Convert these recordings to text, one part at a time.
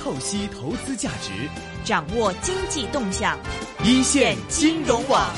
透析投資價值，掌握經濟動向。一線金融網，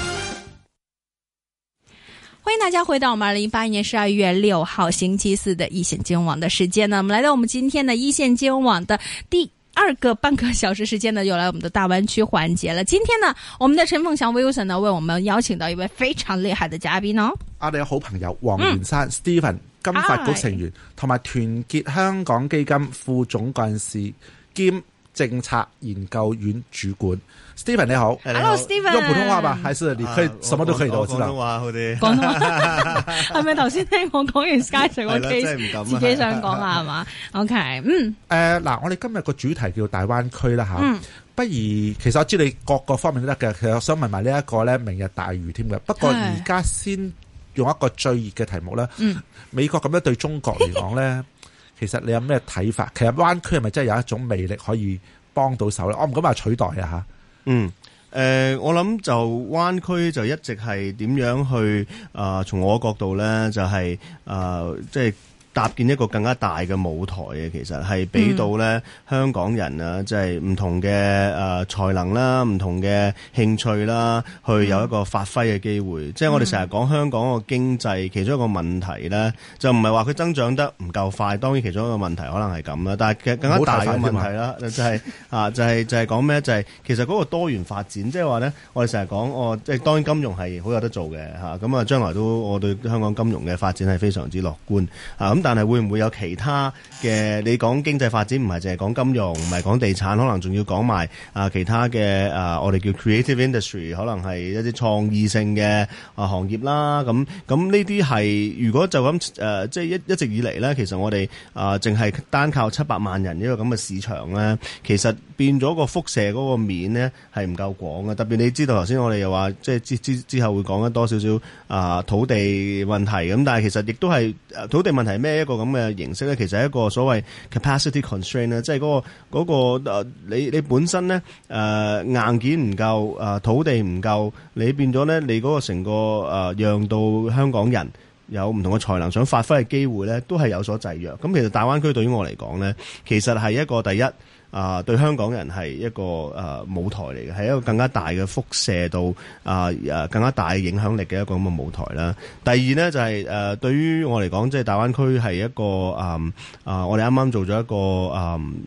歡迎大家回到我們二零一八年十二月六號星期四的一線金融網的時間呢。我們來到我們今天的一線金融網的第二個半個小時時間呢，又來我們的大灣區環節了。今天呢，我們的陳鳳翔 Wilson 呢，為我們邀請到一位非常厲害的嘉賓哦，阿里的好朋友黃元山、嗯、Stephen 金發局成員，同埋團結香港基金副總幹事。兼政策研究院主管，Stephen 你好，Hello Stephen，用普通話吧，還是你可以什麼都可以我知道。普通話啲。廣東話，普通話係咪頭先聽我講完？Sketch 嗰 case 自己想講下係嘛？OK，嗯，誒嗱，我哋今日個主題叫大灣區啦吓，不如其實我知你各個方面都得嘅，其實我想問埋呢一個咧明日大嶼添嘅，不過而家先用一個最熱嘅題目咧，美國咁樣對中國嚟講咧。其實你有咩睇法？其實灣區係咪真係有一種魅力可以幫到手咧？我唔敢話取代啊嚇。嗯，誒、呃，我諗就灣區就一直係點樣去啊、呃？從我角度咧，就係、是、啊，即、呃、係。就是搭建一個更加大嘅舞台嘅，其實係俾到咧香港人啊，即係唔同嘅誒才能啦，唔同嘅興趣啦，去有一個發揮嘅機會。嗯、即係我哋成日講香港個經濟其中一個問題咧，就唔係話佢增長得唔夠快，當然其中一個問題可能係咁啦。但係其實更加大嘅問題啦，就係啊，就係就係講咩？就係其實嗰個多元發展，即係話咧，我哋成日講我即係當然金融係好有得做嘅嚇，咁啊將來都我對香港金融嘅發展係非常之樂觀啊咁。但係會唔會有其他嘅？你講經濟發展唔係淨係講金融，唔係講地產，可能仲要講埋啊其他嘅啊，我哋叫 creative industry，可能係一啲創意性嘅啊行業啦。咁咁呢啲係如果就咁誒，即係一一直以嚟咧，其實我哋啊淨係單靠七百萬人呢個咁嘅市場咧，其實變咗個輻射嗰個面咧係唔夠廣嘅。特別你知道頭先我哋又話，即係之之之後會講多少少啊土地問題咁，但係其實亦都係誒土地問題咩？呢一個咁嘅形式咧，其實係一個所謂 capacity constraint 咧，即係嗰個嗰個誒，你你本身咧誒硬件唔夠，誒土地唔夠，你變咗咧，你嗰個成個誒讓到香港人有唔同嘅才能想發揮嘅機會咧，都係有所制約。咁其實大灣區對於我嚟講咧，其實係一個第一。啊，對香港人係一個誒、啊、舞台嚟嘅，係一個更加大嘅輻射到啊誒、啊、更加大嘅影響力嘅一個咁嘅舞台啦。第二呢，就係、是、誒、啊、對於我嚟講，即、就、係、是、大灣區係一個誒啊，啊！我哋啱啱做咗一個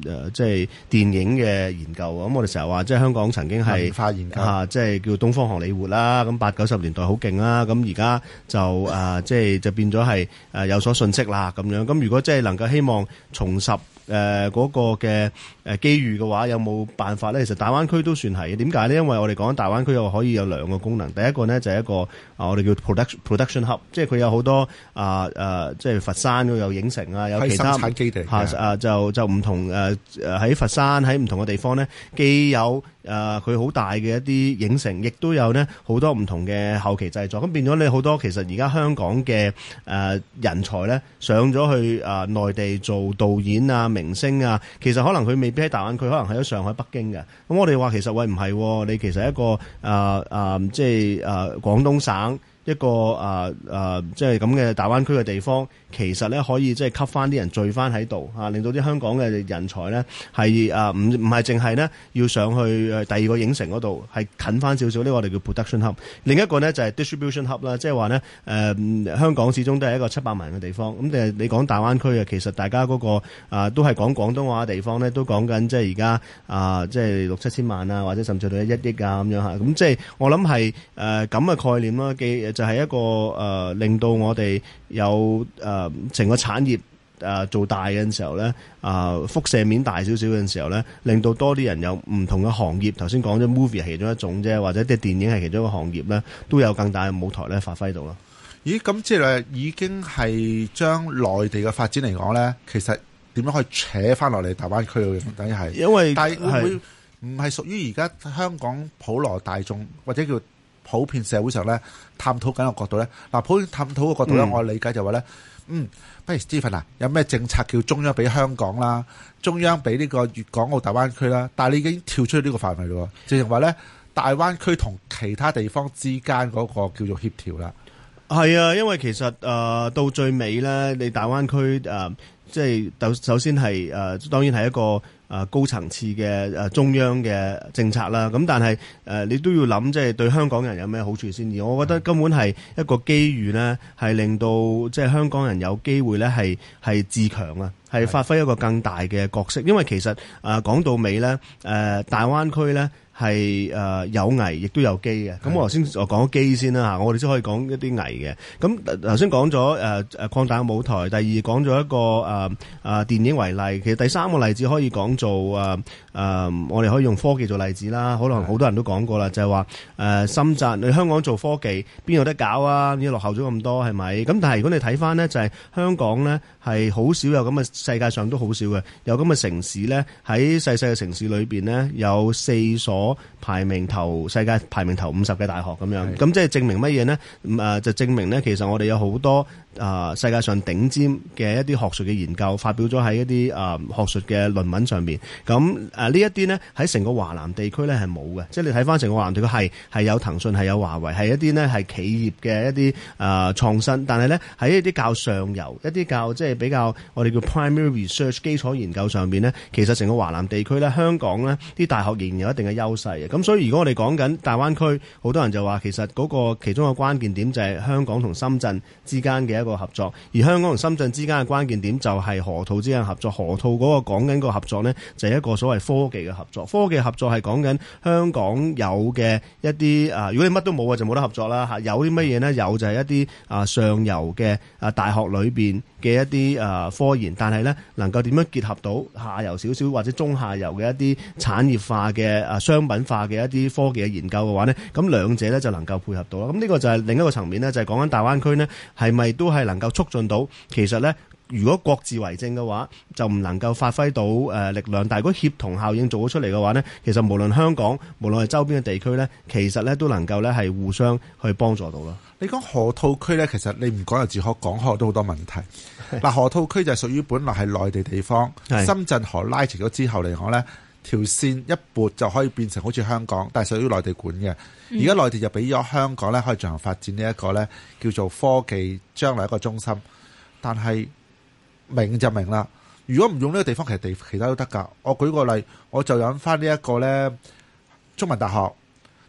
誒即係電影嘅研究，咁我哋成日話即係香港曾經係文化研究啊，即、就、係、是、叫東方荷里活啦。咁八九十年代好勁啦，咁而家就誒即係就變咗係誒有所遜色啦咁樣。咁如果即係能夠希望重拾。誒嗰、呃那個嘅誒機遇嘅話，有冇辦法咧？其實大灣區都算係點解咧？因為我哋講大灣區，又可以有兩個功能。第一個咧就係、一個啊，我哋叫 production production hub，即係佢有好多啊啊、呃呃，即係佛山佢有影城啊，有其他生產基地啊，就就唔同誒喺、呃、佛山喺唔同嘅地方咧，既有，誒佢好大嘅一啲影城，亦都有呢好多唔同嘅後期製作。咁變咗你好多，其實而家香港嘅誒人才咧上咗去誒內地做導演啊、明星啊。其實可能佢未必喺大灣區，可能喺咗上海、北京嘅。咁我哋話其實喂唔係，你其實一個誒誒、呃呃，即係誒、呃、廣東省一個誒誒、呃，即係咁嘅大灣區嘅地方。其實咧可以即係吸翻啲人聚翻喺度啊，令到啲香港嘅人才咧係啊唔唔係淨係呢，要上去第二個影城嗰度，係近翻少少呢？呢個、我哋叫 production hub。另一個咧就係 distribution hub 啦，即係話呢，誒香港始終都係一個七百萬嘅地方。咁你講大灣區啊，其實大家嗰、嗰個啊、呃、都係講廣東話嘅地方咧，都講緊、呃、即係而家啊即係六七千萬啊，或者甚至到一億啊咁樣嚇，咁即係我諗係誒咁嘅概念啦，就係、係、一個誒、呃、令到我哋。有誒成、呃、個產業誒、呃、做大嘅時候咧，啊、呃、輻射面大少少嘅時候咧，令到多啲人有唔同嘅行業。頭先講咗 movie 係其中一種啫，或者啲電影係其中一個行業咧，都有更大嘅舞台咧發揮到咯。咦？咁即係已經係將內地嘅發展嚟講咧，其實點樣可以扯翻落嚟大灣區嘅？等於係因為係，但係唔係屬於而家香港普羅大眾或者叫？普遍社會上咧，探討緊個角度咧，嗱普遍探討個角度咧，我理解就話咧，嗯，嗯，不如 Stephen 啊，有咩政策叫中央俾香港啦，中央俾呢個粵港澳大灣區啦，但係你已經跳出呢個範圍咯，直情話咧，大灣區同其他地方之間嗰個叫做協調啦。係啊，因為其實誒、呃、到最尾咧，你大灣區誒，即、呃、係、就是、首先係誒、呃，當然係一個誒高層次嘅誒、呃、中央嘅政策啦。咁但係誒、呃、你都要諗，即、就、係、是、對香港人有咩好處先。而我覺得根本係一個機遇呢係令到即係、就是、香港人有機會咧，係係自強啊，係發揮一個更大嘅角色。是的 因為其實誒講、呃、到尾咧，誒、呃、大灣區咧。係誒有危亦都有機嘅。咁我頭先就講機先啦嚇，我哋先可以講一啲危嘅。咁頭先講咗誒誒擴大個舞台，第二講咗一個誒誒電影為例，其實第三個例子可以講做誒誒我哋可以用科技做例子啦。可能好多人都講過啦，就係話誒深圳你香港做科技邊有得搞啊？已經落後咗咁多係咪？咁但係如果你睇翻呢，就係香港呢係好少有咁嘅，世界上都好少嘅，有咁嘅城市呢喺細細嘅城市裏邊呢有四所排名頭世界排名頭五十嘅大學咁樣，咁即係證明乜嘢咧？咁啊就證明咧，其實我哋有好多。啊！世界上頂尖嘅一啲學術嘅研究，發表咗喺一啲啊學術嘅論文上面。咁啊呢一啲咧喺成個華南地區咧係冇嘅，即係、就是、你睇翻成個華南地區係係有騰訊係有華為係一啲咧係企業嘅一啲啊、呃、創新。但係咧喺一啲較上游、一啲較即係、就是、比較我哋叫 primary research 基礎研究上面咧，其實成個華南地區咧，香港咧啲大學仍然有一定嘅優勢嘅。咁所以如果我哋講緊大灣區，好多人就話其實嗰個其中嘅關鍵點就係香港同深圳之間嘅個合作，而香港同深圳之間嘅關鍵點就係河套之間合作。河套嗰個講緊個合作呢，就係一個所謂科技嘅合作。科技合作係講緊香港有嘅一啲啊，如果你乜都冇嘅就冇得合作啦吓。有啲乜嘢呢？有就係一啲啊上游嘅啊大學裏邊。嘅一啲誒科研，但係咧能夠點樣結合到下游少少或者中下游嘅一啲產業化嘅誒商品化嘅一啲科技嘅研究嘅話咧，咁兩者咧就能夠配合到啦。咁呢個就係另一個層面咧，就係講緊大灣區咧，係咪都係能夠促進到其實咧。如果各自為政嘅話，就唔能夠發揮到誒力量。但如果協同效應做咗出嚟嘅話呢，其實無論香港，無論係周邊嘅地區呢，其實呢都能夠呢係互相去幫助到。你講河套區呢，其實你唔講又自可，講開都好多問題。嗱，河套區就係屬於本來係內地地方，是深圳河拉齊咗之後嚟講呢，條線一撥就可以變成好似香港，但係屬於內地管嘅。而家內地就俾咗香港呢，可以進行發展呢一個呢，叫做科技將來一個中心，但係。明就明啦，如果唔用呢個地方，其實地其他都得噶。我舉個例，我就引翻呢一個咧，中文大學，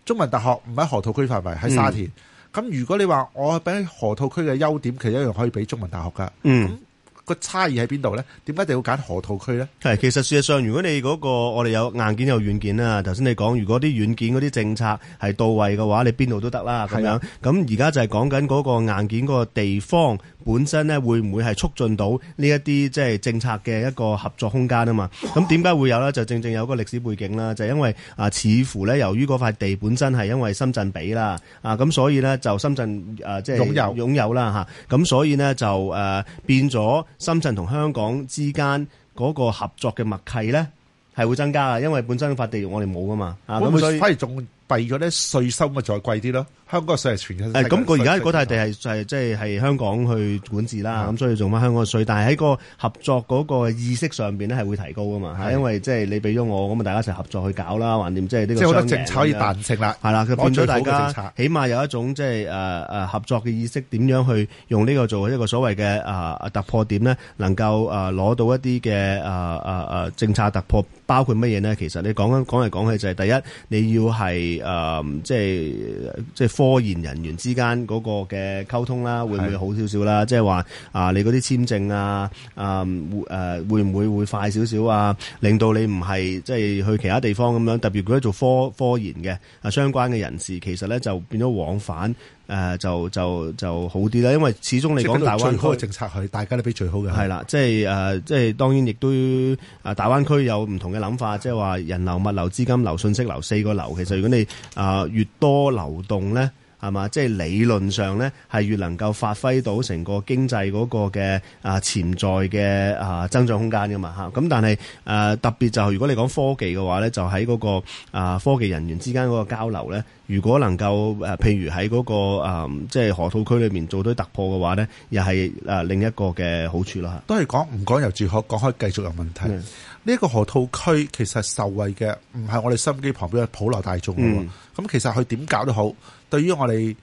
中文大學唔喺河套區範圍，喺沙田。咁、嗯、如果你話我俾河套區嘅優點，其實一樣可以俾中文大學噶。嗯個差異喺邊度咧？點解一定要揀河套區咧？係，其實事實上，如果你嗰、嗰個我哋有硬件有軟件啦，頭先你講，如果啲軟件嗰啲政策係到位嘅話，你邊度都得啦。咁樣，咁而家就係講緊嗰個硬件嗰個地方本身咧，會唔會係促進到呢一啲即係政策嘅一個合作空間啊？嘛，咁點解會有咧？就正正有個歷史背景啦，就係、因為啊、呃，似乎咧，由於嗰塊地本身係因為深圳畀啦，啊，咁所以咧就深圳、呃即係、有啊，即係擁有擁有啦吓，咁所以呢，就、呃、誒變咗。深圳同香港之間嗰個合作嘅默契咧，係會增加啊！因為本身塊地我哋冇㗎嘛，啊咁所以，所以弊咗咧，稅收咪再貴啲咯？香港嘅稅係全誒咁，佢而家嗰笪地係係即係係香港去管治啦，咁所以做翻香港嘅稅。但係喺個合作嗰個意識上邊咧，係會提高噶嘛？係因為即係你俾咗我，咁啊大家一齊合作去搞啦，橫掂即係呢個。即係覺得政策可以彈性啦，係啦，攞咗大家，起碼有一種即係誒誒合作嘅意識，點樣去用呢個做一個所謂嘅誒突破點咧？能夠誒攞到一啲嘅誒誒誒政策突破，包括乜嘢咧？其實你講緊講嚟講去就係第一，你要係。誒、嗯，即係即係科研人員之間嗰個嘅溝通啦，會唔會好少少啦？是的 即係話啊，你嗰啲簽證啊，誒、啊、會、啊、會唔會會快少少啊？令到你唔係即係去其他地方咁樣？特別如果做科科研嘅啊相關嘅人士，其實咧就變咗往返。誒、呃、就就就好啲啦，因為始終嚟講，大灣區政策係大家都俾最好嘅。係啦，即係誒，即、呃、係、就係呃、當然亦都誒、呃，大灣區有唔同嘅諗法，即係話人流、物流、資金流、信息流四個流，其實如果你誒、呃、越多流動咧。係嘛？即係理論上咧，係越能夠發揮到成個經濟嗰個嘅啊潛在嘅啊增長空間噶嘛吓。咁但係誒特別就係如果你講科技嘅話咧，就喺嗰個啊科技人員之間嗰個交流咧，如果能夠誒譬如喺嗰個啊即係河套區裏面做到突破嘅話咧，又係誒另一個嘅好處啦。都係講唔講又住可講開繼續有問題。呢一個河套區其實是受惠嘅，唔係我哋心機旁邊嘅普羅大眾。咁、嗯、其實佢點搞都好，對於我哋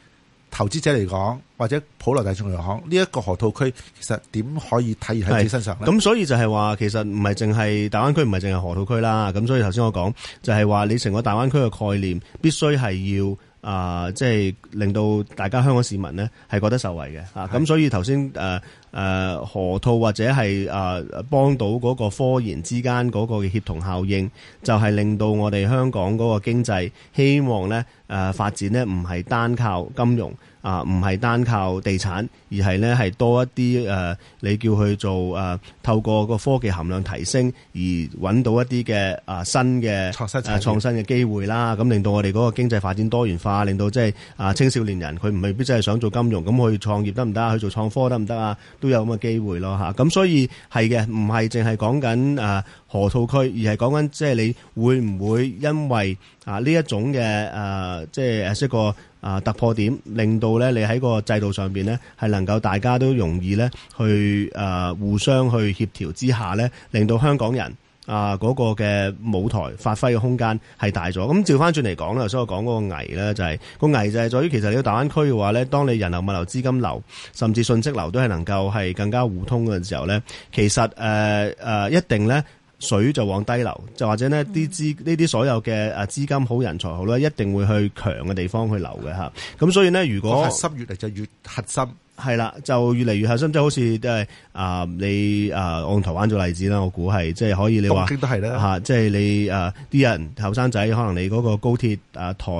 投資者嚟講，或者普羅大眾嚟講，呢、這、一個河套區其實點可以體現喺自己身上？咁所以就係話，其實唔係淨係大灣區，唔係淨係河套區啦。咁所以頭先我講就係話，你成個大灣區嘅概念必須係要。啊，即係、呃就係、令到大家香港市民咧係覺得受惠嘅，是的 啊，咁所以頭先誒誒河套或者係誒、呃、幫到嗰個科研之間嗰個協同效應，就係、係、令到我哋香港嗰個經濟希望咧誒、呃、發展咧唔係單靠金融。啊，唔係單靠地產，而係咧係多一啲誒、啊，你叫佢去做誒、啊，透過個科技含量提升而揾到一啲嘅啊新嘅、啊、創新嘅創新嘅機會啦。咁、啊、令到我哋嗰個經濟發展多元化，令到即、就、係、是、啊青少年人佢唔未必真係想做金融，咁去創業得唔得啊？去做創科得唔得啊？都有咁嘅機會咯嚇。咁所以係嘅，唔係淨係講緊誒河套區，而係講緊即係你會唔會因為啊呢一種嘅誒，即係一個。就是啊！突破點令到咧，你喺個制度上邊咧，係能夠大家都容易咧，去誒互相去協調之下咧，令到香港人啊嗰個嘅舞台發揮嘅空間係大咗。咁照翻轉嚟講啦，所以我講嗰個危咧就係、是、個危就係在於其實你個大灣區嘅話咧，當你人流、物流、資金流甚至信息流都係能夠係更加互通嘅時候咧，其實誒誒、呃呃、一定咧。水就往低流，就或者呢啲資呢啲所有嘅啊資金好人才好咧，一定會去強嘅地方去流嘅吓。咁所以呢，如果核心越嚟就越核心。係啦，就越嚟越核心。就是，好似即係啊，你啊按台灣做例子啦，我估係即係可以你話，都即係你啊啲人後生仔，可能你嗰個高鐵啊台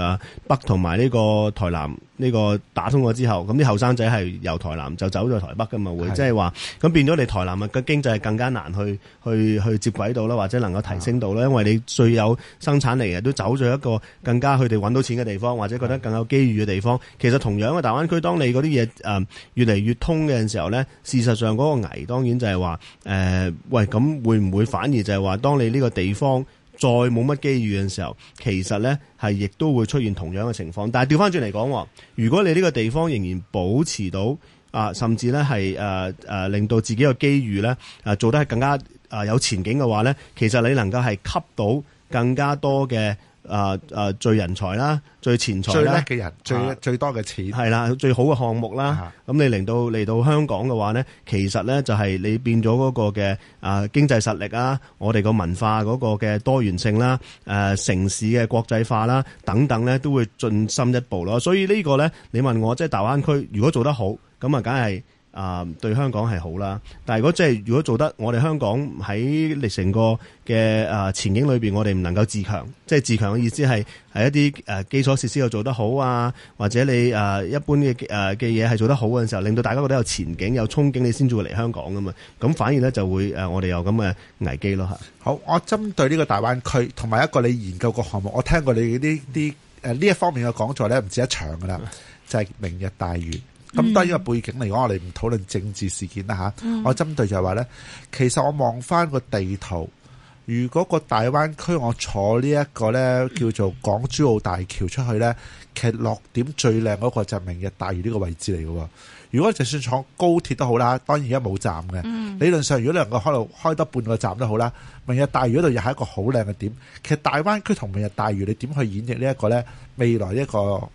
啊北同埋呢個台南呢、呢個打通咗之後，咁啲後生仔係由台南就走咗台北嘅嘛會，即係話咁變咗你台南嘅經濟係更加難去去去接軌到啦，或者能夠提升到啦的因為你最有生產力嘅都走咗一個更加佢哋揾到錢嘅地方，或者覺得更有機遇嘅地方，其實同樣嘅大灣區當，當你嗰啲嘢。誒、嗯，越嚟越通嘅時候咧，事實上嗰個危，當然就係話，誒、呃，喂，咁會唔會反而就係話，當你呢個地方再冇乜機遇嘅時候，其實咧係亦都會出現同樣嘅情況。但係調翻轉嚟講，如果你呢個地方仍然保持到啊，甚至咧係誒誒，令到自己嘅機遇咧，誒、啊、做得係更加誒有前景嘅話咧，其實你能夠係吸到更加多嘅。啊啊最人才啦，最錢財啦、啊，最叻嘅人，最最多嘅錢，係啦，最好嘅項目啦。咁、啊、你嚟到嚟到香港嘅話咧，其實咧就係你變咗嗰個嘅啊經濟實力啊，我哋個文化嗰個嘅多元性啦，誒、啊、城市嘅國際化啦等等咧，都會進深一步咯。所以個呢個咧，你問我即係、就是、大灣區如果做得好，咁啊梗係。啊，對香港係好啦，但係如果即係如果做得我們，我哋香港喺成個嘅啊前景裏邊，我哋唔能夠自強。即係自強嘅意思係係一啲誒基礎設施又做得好啊，或者你誒一般嘅誒嘅嘢係做得好嘅時候，令到大家覺得有前景、有憧憬，你先至會嚟香港噶嘛？咁反而呢，就會誒我哋有咁嘅危機咯嚇。好，我針對呢個大灣區同埋一個你研究個項目，我聽過你呢啲啲呢一方面嘅講座咧，唔止一場噶啦，就係、是、明日大嶼。咁多呢個背景嚟講，我哋唔討論政治事件啦吓。我針對就係話呢，其實我望翻個地圖，如果個大灣區我坐呢、這、一個呢叫做港珠澳大橋出去呢，其實落點最靚嗰個就係明日大嶼呢個位置嚟喎。如果就算坐高鐵都好啦，當然而家冇站嘅。嗯、理論上如果你能夠開到開多半個站都好啦，明日大嶼嗰度又係一個好靚嘅點。其實大灣區同明日大嶼，你點去演繹呢一個呢未來呢一個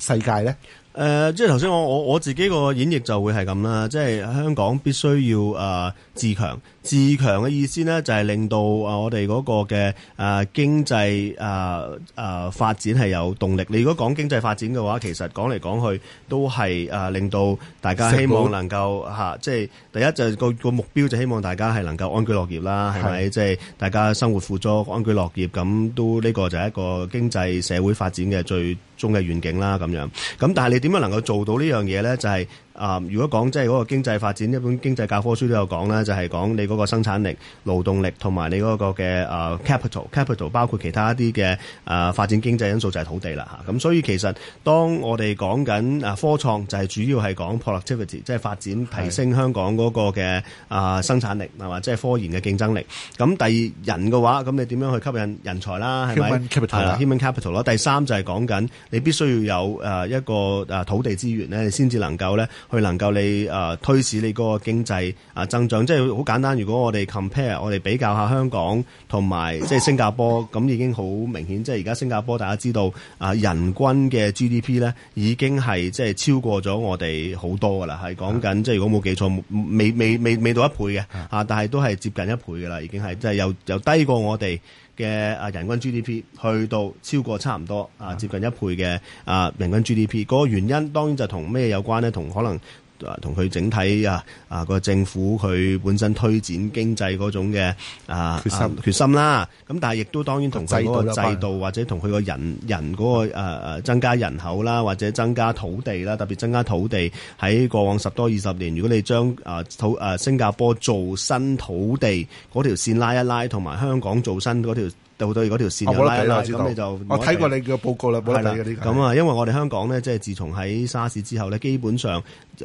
世界呢？誒、呃，即係頭先我我我自己個演繹就會係咁啦，即係香港必須要誒自強，自強嘅意思呢就係、是、令到啊我哋嗰個嘅誒、呃、經濟誒誒發展係有動力。你如果講經濟發展嘅話，其實講嚟講去都係誒令到大家希望能夠吓，物即係第一就個個目標就希望大家係能夠安居樂業啦，係咪的？即係、就是、大家生活富足，安居樂業，咁都呢個就係一個經濟社會發展嘅最。中嘅願景啦，咁樣，咁但係你點樣能夠做到呢樣嘢咧？就係、是。啊！如果講即係嗰個經濟發展，一本經濟教科書都有講啦。就係講你嗰個生產力、勞動力同埋你嗰個嘅啊 capital，capital 包括其他一啲嘅啊發展經濟因素就係土地啦嚇。咁所以其實當我哋講緊啊科創，就係主要係講 productivity，即係發展提升香港嗰個嘅啊生產力，係嘛？即係科研嘅競爭力。咁第二人嘅話，咁你點樣去吸引人才啦？係咪？human capital 啦。是是 human capital 咯。Uh, 第三就係講緊你必須要有啊一個土地資源咧，你先至能夠咧。去能夠你誒推市你個經濟啊增長，即係好簡單。如果我哋 compare，我哋比較下香港同埋即係新加坡，咁已經好明顯。即係而家新加坡大家知道啊，人均嘅 GDP 呢已經係即係超過咗我哋好多㗎喇。係講緊即係如果冇記錯，未未未未到一倍嘅啊，但係都係接近一倍㗎喇，已經係即係又又低過我哋。嘅啊人均 GDP 去到超過差唔多啊接近一倍嘅啊人均 GDP，嗰個原因當然就同咩有關咧？同可能。同佢整體啊啊個政府佢本身推展經濟嗰種嘅啊決心啊決心啦，咁但係亦都當然同佢個制度或者同佢個人人嗰個誒增加人口啦，或者增加土地啦，特別增加土地喺過往十多二十年，如果你將啊土啊新加坡做新土地嗰條線拉一拉，同埋香港做新嗰條。就對嗰條線又拉拉，咁你就我睇過你嘅報告啦，冇啦。咁啊，因為我哋香港咧，即係自從喺沙士之後咧，基本上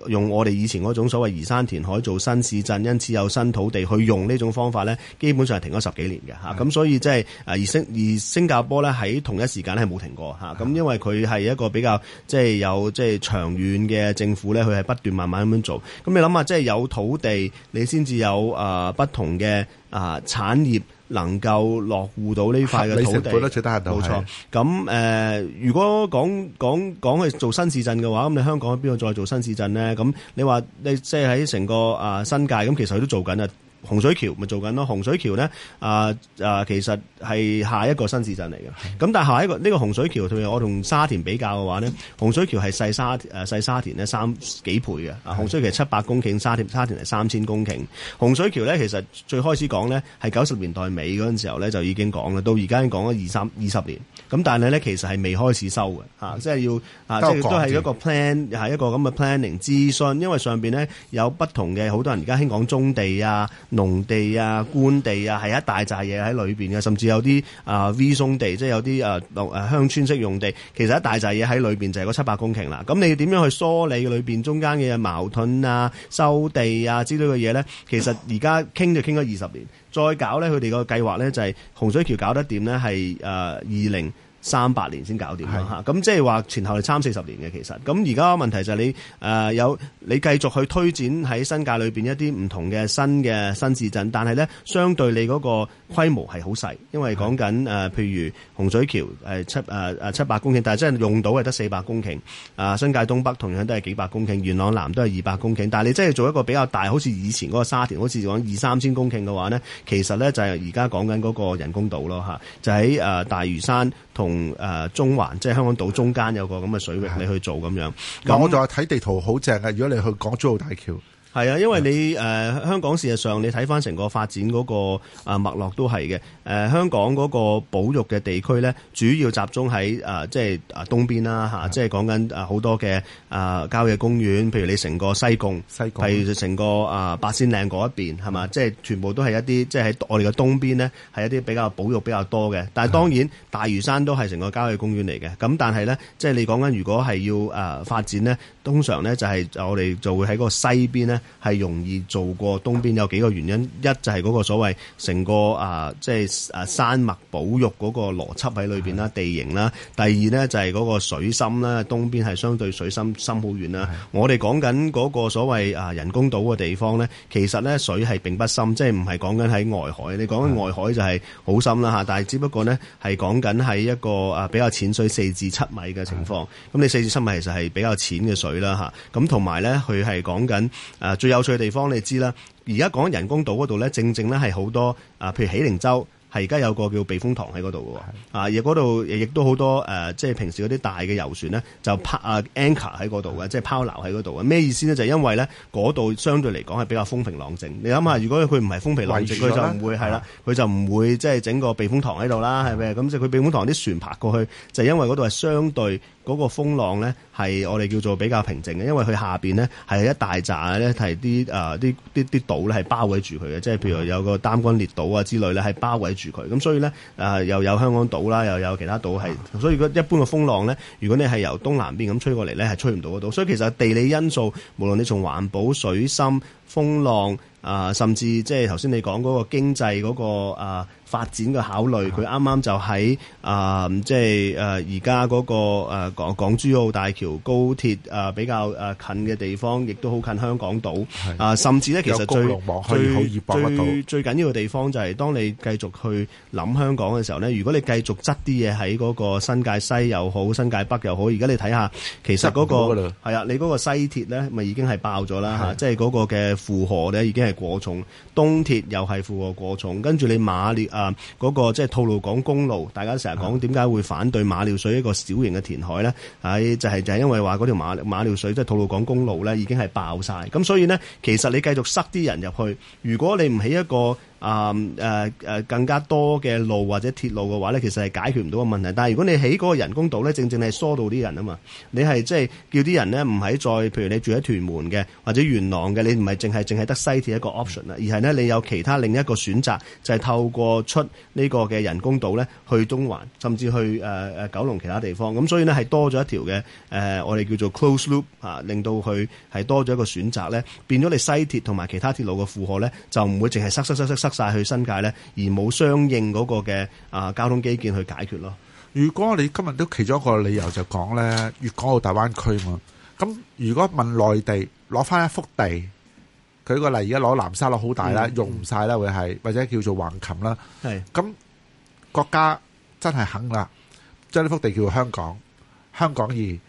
用我哋以前嗰種所謂移山填海做新市鎮，因此有新土地去用呢種方法咧，基本上係停咗十幾年嘅嚇。咁是的 所以即係啊，而星而新加坡咧，喺同一時間咧係冇停過嚇。咁是的 因為佢係一個比較即係有即係長遠嘅政府咧，佢係不斷慢慢咁樣做。咁你諗下，即係有土地，你先至有啊、呃、不同嘅啊、呃、產業。能夠落戶到呢塊嘅土地，冇錯。咁誒、呃，如果講講講去做新市鎮嘅話，咁你香港邊度再做新市鎮咧？咁你話你即係喺成個啊新界，咁其實佢都做緊啊。洪水橋咪做緊咯？洪水橋咧，啊啊，其實係下一個新市鎮嚟嘅。咁的但係下一個呢個洪水橋，同我同沙田比較嘅話咧，洪水橋係細沙田，細沙田咧三幾倍嘅。啊，洪水橋七百公頃，沙田沙田係三千公頃。洪水橋咧其實最開始講咧係九十年代尾嗰陣時候咧就已經講啦，到而家講咗二三二十年。咁但係咧其實係未開始收嘅即係要啊，即係的、啊、都係一個 plan 係一個咁嘅 planning 諮詢，因為上面咧有不同嘅好多人而家興講中地啊。農地啊、官地啊，係一大扎嘢喺裏邊嘅，甚至有啲啊、呃、V 松地，即係有啲啊農誒鄉村式用地，其實一大扎嘢喺裏邊就係嗰七百公頃啦。咁你要點樣去梳理裏邊中間嘅矛盾啊、收地啊之類嘅嘢咧？其實而家傾就傾咗二十年，再搞咧，佢哋個計劃咧就係、是、洪水橋搞得掂咧，係誒二零，呃20三百年先搞掂咁。是的 即係話前後係三四十年嘅其實。咁而家問題就係你誒有、呃、你繼續去推展喺新界裏面一啲唔同嘅新嘅新市鎮，但係呢，相對你嗰個規模係好細，因為講緊誒，譬、呃、如洪水橋誒七誒、呃、七百公頃，但係真係用到係得四百公頃。誒、呃、新界東北同樣都係幾百公頃，元朗南都係二百公頃，但係你真係做一個比較大，好似以前嗰個沙田，好似講二三千公頃嘅話呢，其實呢就係而家講緊嗰個人工島咯，嚇就喺誒、呃、大嶼山。同誒中環，即係香港島中間有個咁嘅水域，的你去做咁樣。嗱、嗯，那我就話睇地圖好正啊，如果你去港珠澳大橋。係啊，因為你誒、呃、香港事實上你睇返成個發展嗰、那個啊脈絡都係嘅。誒、呃、香港嗰個保育嘅地區咧，主要集中喺誒即係誒東邊啦嚇，即係講緊誒好多嘅誒郊野公園，譬如你成個西貢，西貢，譬如成個誒、呃、八仙嶺嗰一邊係嘛？即係、就是、全部都係一啲即係喺我哋嘅東邊咧，係一啲比較保育比較多嘅。但係當然的大嶼山都係成個郊野公園嚟嘅。咁但係咧，即、就、係、是、你講緊如果係要誒、呃、發展咧，通常咧就係我哋就會喺嗰個西邊咧，係容易做過東邊，有幾個原因，一就係嗰個所謂成個啊，即係啊山脈保育嗰個邏輯喺裏邊啦，是的 地形啦。第二呢就係嗰個水深啦，東邊係相對水深深好遠啦。是的 我哋講緊嗰個所謂啊人工島嘅地方呢，其實呢水係並不深，即係唔係講緊喺外海。你講緊外海就係好深啦嚇，是的 但係只不過呢係講緊喺一個啊比較淺水四至七米嘅情況。咁是的 你四至七米其實係比較淺嘅水啦吓，咁同埋呢，佢係講緊啊。最有趣嘅地方你知啦，而家講人工島嗰度咧，正正咧係好多啊，譬如喜靈洲，係而家有個叫避風塘喺嗰度喎。啊是的，而嗰度亦都好多誒，即係平時嗰啲大嘅遊船咧，就拍啊 anchor 喺嗰度嘅，即係是的 拋錨喺嗰度嘅。咩意思咧？就係因為咧嗰度相對嚟講係比較風平浪靜。你諗下，如果佢唔係風平浪靜，佢的就唔會係啦，佢的的就唔會即係整個避風塘喺度啦，係咪？咁就佢避風塘啲船泊過去，就係因為嗰度係相對。嗰個風浪咧係我哋叫做比較平靜嘅，因為佢下邊咧係一大扎咧係啲誒啲啲啲島咧係包圍住佢嘅，即係譬如有個擔桿列島啊之類咧係包圍住佢，咁所以咧誒、呃、又有香港島啦，又有其他島係，所以一般嘅風浪咧，如果你係由東南邊咁吹過嚟咧，係吹唔到嗰度，所以其實地理因素，無論你從環保、水深、風浪。啊，甚至即係頭先你講嗰個經濟嗰、嗰個啊發展嘅考慮，佢啱啱就喺啊，即係誒而家嗰個誒、啊、港珠澳大橋高鐵誒、啊、比較誒、啊、近嘅地方，亦都好近香港島的啊，甚至咧其實最最最緊要嘅地方就係、是，當你繼續去諗香港嘅時候咧，如果你繼續執啲嘢喺嗰個新界西又好，新界北又好，而家你睇下，其實嗰、嗰個係啊的，你嗰個西鐵咧咪已經係爆咗啦，吓，的即係嗰個嘅負荷咧已經係。過重，東鐵又係負荷過重，跟住你馬料啊嗰、那個即係、就是、吐露港公路，大家成日講點解會反對馬料水一個小型嘅填海咧？喺就係就係因為話嗰條馬馬料水即係、就是、吐露港公路咧已經係爆晒。咁所以呢，其實你繼續塞啲人入去，如果你唔起一個，啊誒誒更加多嘅路或者鐵路嘅話咧，其實係解決唔到嘅問題。但係如果你起嗰個人工島咧，正正係疏導啲人啊嘛。你係即係叫啲人咧唔係再，譬如你住喺屯門嘅或者元朗嘅，你唔係淨係淨係得西鐵一個 option 啊。而係呢，你有其他另一個選擇，就係透過出呢個嘅人工島咧去中環，甚至去誒誒九龍其他地方。咁所以呢，係多咗一條嘅誒，我哋叫做 close loop 啊，令到佢係多咗一個選擇咧，變咗你西鐵同埋其他鐵路嘅負荷咧就唔會淨係塞塞塞塞塞。得曬去新界咧，而冇相應嗰個嘅啊交通基建去解決咯。如果你今日都其中一個理由就講咧，粵港澳大灣區嘛，咁如果問內地攞翻一幅地，舉個例而家攞南沙攞好大啦，用唔曬啦，會係或者叫做橫琴啦，係咁國家真係肯啦，將呢幅地叫做香港，香港二，咁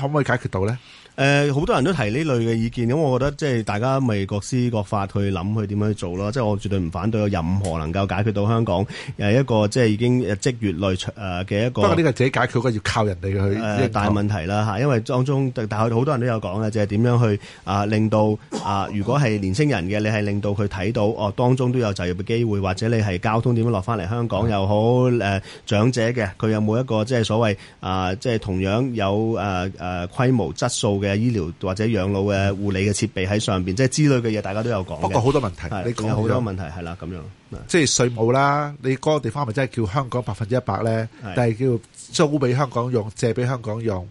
可唔可以解決到咧？誒好多人都提呢類嘅意見，咁我覺得即係大家咪各施各法去諗去點樣去做咯。即係我絕對唔反對有任何能夠解決到香港誒一個即係已經積月累誒嘅一個。不過呢個自己解決嘅要靠人哋去。誒大問題啦嚇，因為當中但係好多人都有講咧，就係點樣去啊令到啊如果係年青人嘅，你係令到佢睇到哦當中都有就業嘅機會，或者你係交通點樣落翻嚟香港又好誒長者嘅，佢有冇一個即係所謂啊即係同樣有誒誒規模質素嘅。嘅醫療或者養老嘅護理嘅設備喺上面，即係之類嘅嘢，大家都有講。不過好多問題，你講好多問題，係啦，咁樣，是即係稅務啦。你嗰個地方係咪真係叫香港百分之一百咧？呢是的但係叫租俾香港用、借俾香港用，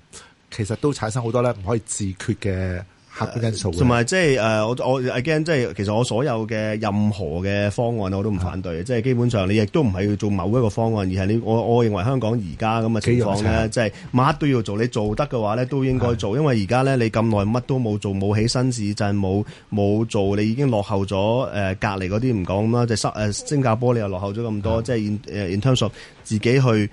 其實都產生好多咧唔可以自決嘅。同埋即係誒、呃、我我 again 即係其實我所有嘅任何嘅方案我都唔反對。的即係基本上你亦都唔係要做某一個方案，而係你我我認為香港而家咁嘅情況咧，即係乜都要做，你做得嘅話咧，都應該做，的因為而家咧你咁耐乜都冇做，冇起新市鎮，冇、就、冇、是、做，你已經落後咗誒、呃、隔離嗰啲唔講啦，即係新誒新加坡你又落後咗咁多，的即係誒 internship in 自己去誒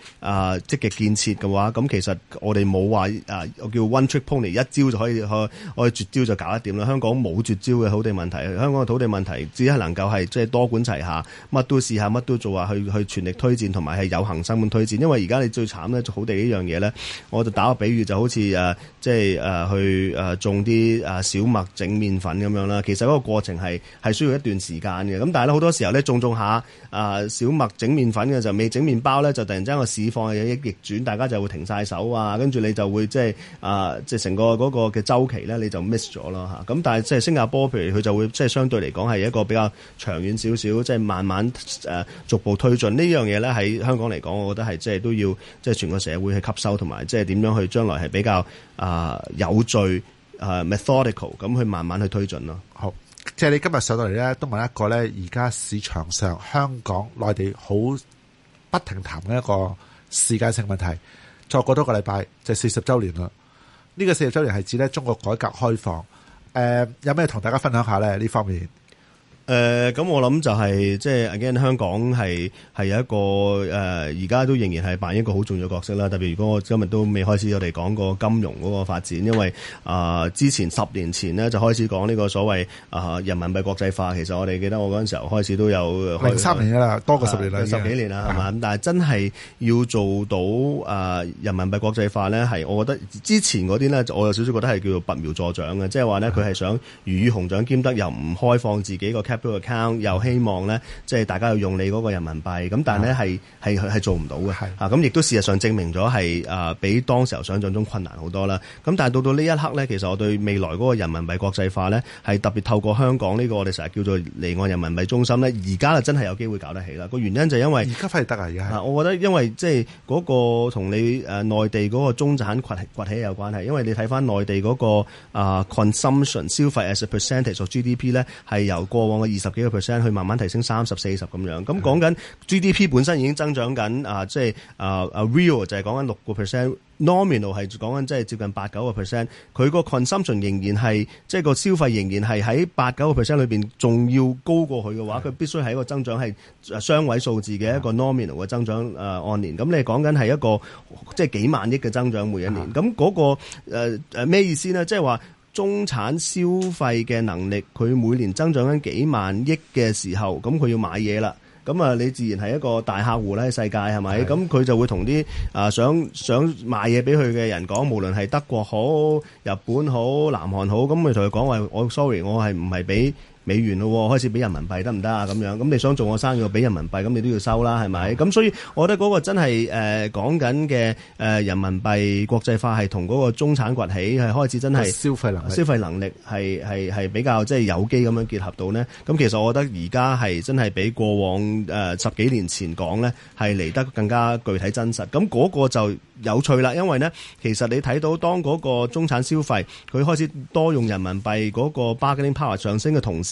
積極建設嘅話，咁其實我哋冇話誒我叫 one trick pony 一招就可以去去、啊、絕招就搞得掂啦！香港冇絕招嘅土地問題，香港嘅土地問題只係能夠係即係多管齊下，乜都試下，乜都做下，去去全力推薦同埋係有恒心咁推薦。因為而家你最慘咧，土地呢樣嘢咧，我就打個比喻就好似、啊、即係誒、啊、去誒種啲誒小麥整麵粉咁樣啦。其實嗰個過程係係需要一段時間嘅。咁但係咧好多時候咧種種下誒、啊、小麥整麵粉嘅就未整麵包咧，就突然之間個市況有逆轉，大家就會停晒手啊，跟住你就會即係誒即係成個嗰個嘅周期咧，你就咩？咗啦吓，咁但係即係新加坡，譬如佢就會即係相對嚟講係一個比較長遠少少，即係慢慢誒逐步推進呢樣嘢咧。喺香港嚟講，我覺得係即係都要即係全個社會去吸收，同埋即係點樣去將來係比較啊有序啊 methodical 咁去慢慢去推進咯。好，即係你今日上到嚟咧，都問一個咧，而家市場上香港內地好不停談嘅一個時間性問題，再過多個禮拜就四十週年啦。呢個四十周年係指咧中國改革開放，誒、呃、有咩同大家分享一下咧呢這方面？誒咁、呃、我諗就係、是、即係 again 香港係係有一個誒而家都仍然係扮演一個好重要角色啦。特別如果我今日都未開始，我哋講過金融嗰個發展，因為啊、呃、之前十年前呢，就開始講呢個所謂啊、呃、人民幣國際化。其實我哋記得我嗰陣時候開始都有零三年啦，始多過十年啦、啊，十幾年啦，係嘛的？但係真係要做到啊、呃、人民幣國際化呢，係我覺得之前嗰啲呢，我有少少覺得係叫做拔苗助長嘅，即係話呢，佢係想魚與熊掌兼得，又唔開放自己個。capital account 又希望咧，即係大家要用你嗰個人民幣，咁但係咧係係係做唔到嘅，嚇咁亦都事實上證明咗係啊，比當時候想像中困難好多啦。咁但係到到呢一刻咧，其實我對未來嗰個人民幣國際化咧，係特別透過香港呢個我哋成日叫做離岸人民幣中心咧，而家啊真係有機會搞得起啦。個原因就因為而家反而得啊，而家啊，我覺得因為即係嗰個同你誒內地嗰個中產崛崛起有關係，因為你睇翻內地嗰個啊 consumption 消費 as a percentage of GDP 咧係由過往二十幾個 percent 去慢慢提升三十四十咁樣，咁講緊 GDP 本身已經增長緊啊，即係啊啊 real 就係講緊六個 percent，nominal、嗯、係講緊即係接近八九個 percent。佢個 consumption 仍然係即係個消費仍然係喺八九個 percent 裏邊仲要高過佢嘅話，佢必須喺一個增長係雙位數字嘅一個 nominal 嘅增長啊按年。咁、嗯嗯、你講緊係一個即係幾萬億嘅增長每一年。咁嗰個誒誒咩意思呢？即係話。中產消費嘅能力，佢每年增長緊幾萬億嘅時候，咁佢要買嘢啦，咁啊你自然係一個大客戶啦。世界係咪？咁佢是的 就會同啲啊想想買嘢俾佢嘅人講，無論係德國好、日本好、南韓好，咁佢同佢講話，我 sorry，我係唔係俾美元咯，開始俾人民幣得唔得啊？咁樣咁你想做我生意，我俾人民幣，咁你都要收啦，係咪？咁所以，我覺得嗰個真係誒講緊嘅誒人民幣國際化係同嗰個中產崛起係開始真係消費能力消費能力係係係比較即係有機咁樣結合到咧。咁其實我覺得而家係真係比過往誒十幾年前講咧係嚟得更加具體真實。咁嗰個就有趣啦，因為咧其實你睇到當嗰個中產消費佢開始多用人民幣嗰個 bargaining power 上升嘅同時。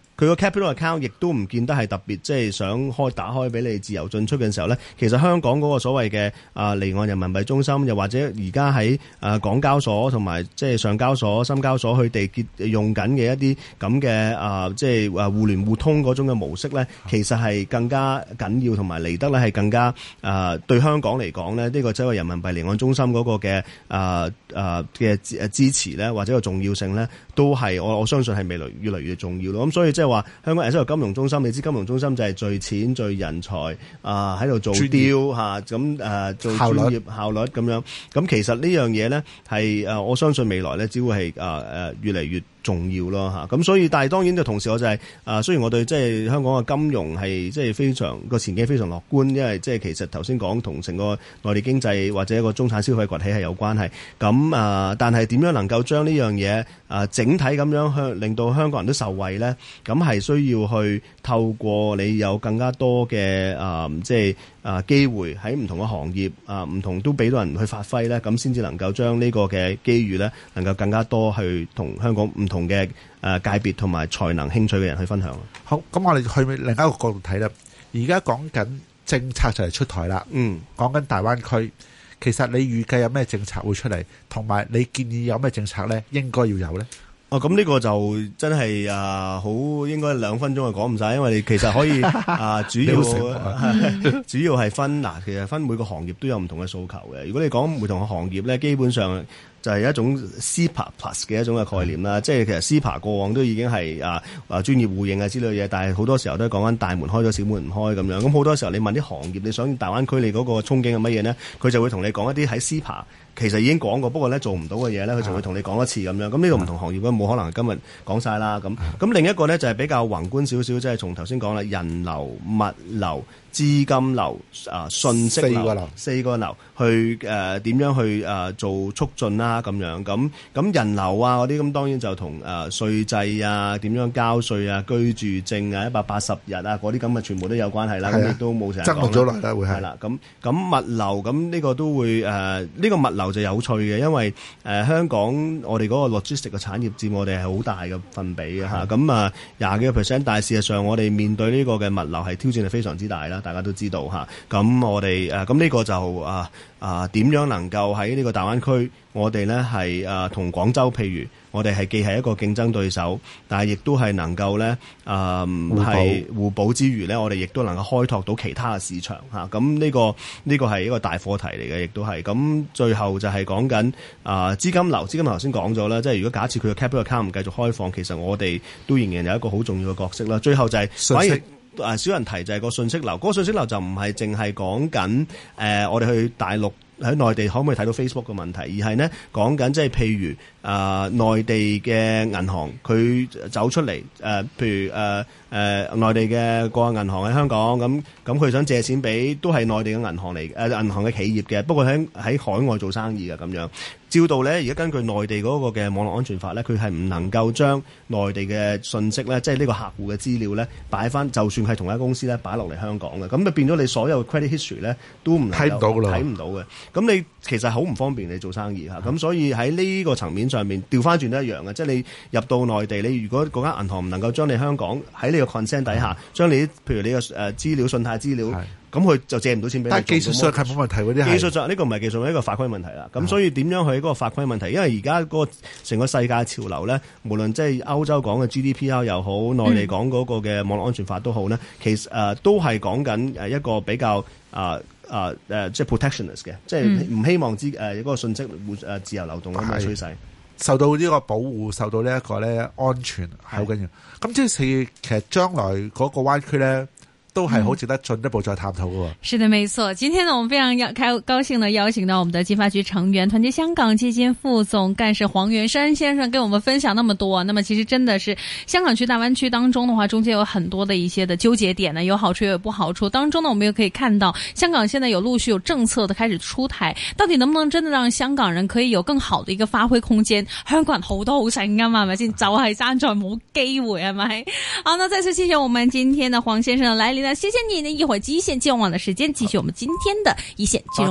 佢個 capital account 亦都唔見得係特別，即係想開打開俾你自由進出嘅時候咧。其實香港嗰個所謂嘅啊離岸人民幣中心，又或者而家喺啊港交所同埋即係上交所、深交所佢哋結用緊嘅一啲咁嘅啊，即係話互聯互通嗰種嘅模式咧，其實係更加緊要，同埋嚟得咧係更加啊對香港嚟講咧，呢個即係人民幣離岸中心嗰個嘅啊啊嘅支支持咧，或者個重要性咧，都係我我相信係未來越嚟越重要咯。咁所以即係。話香港係一個金融中心，你知金融中心就係聚錢、聚人才啊，喺、呃、度做雕吓咁誒做專業效率咁樣。咁其實呢樣嘢咧，係誒我相信未來咧，只會係誒誒，越嚟越。重要咯嚇，咁所以但係當然就同時我就係啊，雖然我對即係香港嘅金融係即係非常個前景非常樂觀，因為即係其實頭先講同成個內地經濟或者一個中產消費崛起係有關係。咁啊，但係點樣能夠將呢樣嘢啊整體咁樣向令到香港人都受惠咧？咁係需要去透過你有更加多嘅啊，即係啊機會喺唔同嘅行業啊，唔同都俾到人去發揮咧，咁先至能夠將呢個嘅機遇咧，能夠更加多去同香港唔同嘅誒界別同埋才能興趣嘅人去分享啊！好，咁我哋去另一個角度睇啦。而家講緊政策就係出台啦。嗯，講緊大灣區，其實你預計有咩政策會出嚟？同埋你建議有咩政策咧，應該要有咧？哦，咁呢個就真係誒好，應該兩分鐘就講唔晒，因為你其實可以誒主要主要係分嗱，其實分每個行業都有唔同嘅訴求嘅。如果你講唔同嘅行業咧，基本上。就係一種 CEPA+ 嘅一種嘅概念啦，嗯、即係其實 CEPA+ 過往都已經係啊啊專業互認啊之類嘢，但係好多時候都講緊大門開咗，小門唔開咁樣。咁好多時候你問啲行業，你想大灣區你嗰個憧憬係乜嘢呢？佢就會同你講一啲喺 CEPA+ 其實已經講過，不過咧做唔到嘅嘢咧，佢就會同你講一次咁樣。咁呢個唔同行業咧冇可能今日講晒啦咁。咁、嗯、另一個呢，就係、是、比較宏觀少少，即、就、係、是、從頭先講啦，人流物流。資金流啊，信息流，四個流去誒點樣去誒做促進啦，咁樣咁。咁人流啊嗰啲，咁當然就同誒稅制啊點樣交稅啊居住證啊一百八十日啊嗰啲，咁啊全部都有關係啦，咁亦都冇成日講。忽略咗啦，會係。係啦，咁咁物流咁呢個都會誒呢個物流就有趣嘅，因為誒香港我哋嗰個 logistics 嘅產業佔我哋係好大嘅份比嘅嚇，咁啊廿幾個 percent，但係事實上我哋面對呢個嘅物流係挑戰係非常之大啦。大家都知道吓，咁我哋誒咁呢個就啊啊點樣能夠喺呢個大灣區，我哋呢係誒同廣州，譬如我哋係既係一個競爭對手，但係亦都係能夠呢誒係互補保 之餘呢，我哋亦都能夠開拓到其他嘅市場咁呢、啊呢個呢、呢個係一個大課題嚟嘅，亦都係。咁最後就係講緊啊、呃、資金流，資金流先講咗啦。即係如果假設佢嘅 capital account 唔繼續開放，其實我哋都仍然有一個好重要嘅角色啦。最後就係、是誒少人提就係個信息流，嗰個信息流就唔係淨係講緊誒，我哋去大陸喺內地可唔可以睇到 Facebook 嘅問題，而係呢講緊即係譬如。啊，內地嘅銀行佢走出嚟，誒，譬如誒誒，內地嘅個銀行喺香港咁，咁佢想借錢俾都係內地嘅銀行嚟，誒銀行嘅企業嘅，不過喺喺海外做生意嘅咁樣。照到咧，而家根據內地嗰個嘅網絡安全法咧，佢係唔能夠將內地嘅信息咧，即係呢個客戶嘅資料咧，擺翻就算係同一間公司咧，擺落嚟香港嘅，咁就變咗你所有 credit history 咧都唔睇唔到嘅，睇唔到嘅。咁你其實好唔方便你做生意嚇，咁所以喺呢個層面。上面調翻轉都一樣嘅，即係你入到內地，你如果嗰間銀行唔能夠將你香港喺你個 consent 底下、嗯、將你譬如你嘅誒資料、信貸資料，咁佢是就借唔到錢俾你。但係技術上係冇問題，啲、呢個、技術上呢、呢個唔係技術，一個法規問題啦。咁是所以點樣去嗰個法規問題？因為而家嗰個成個世界潮流咧，無論即係歐洲講嘅 GDPR 又好，嗯、內地講嗰個嘅網絡安全法都好咧，其實誒、呃、都係講緊誒一個比較啊啊誒，即係 protectionist 嘅，即係唔希望之誒嗰個信息會誒自由流動嘅趨勢。受到呢個保護，受到呢一個咧安全係好緊要。咁即係其實將來嗰個灣區咧。都係好值得進一步再探討嘅。嗯、是的，沒錯。今天呢，我們非常邀開高興的邀請到我們的金發局成員、團結香港基金副總幹事黃元山先生，跟我們分享那麼多。那麼其實真的是香港區、大灣區當中的話，中間有很多的一些的糾結點呢，有好處也有不好處。當中呢，我們又可以看到香港現在有陸續有政策的開始出台，到底能不能真的讓香港人可以有更好的一個發揮空間？香港好多好成啊嘛，係咪先、啊？就係生冇機會啊嘛。好，那再次謝謝我們今天的黃先生的來臨。那謝謝你，那一會兒一線建網的時間，繼續我們今天的一線金融。好用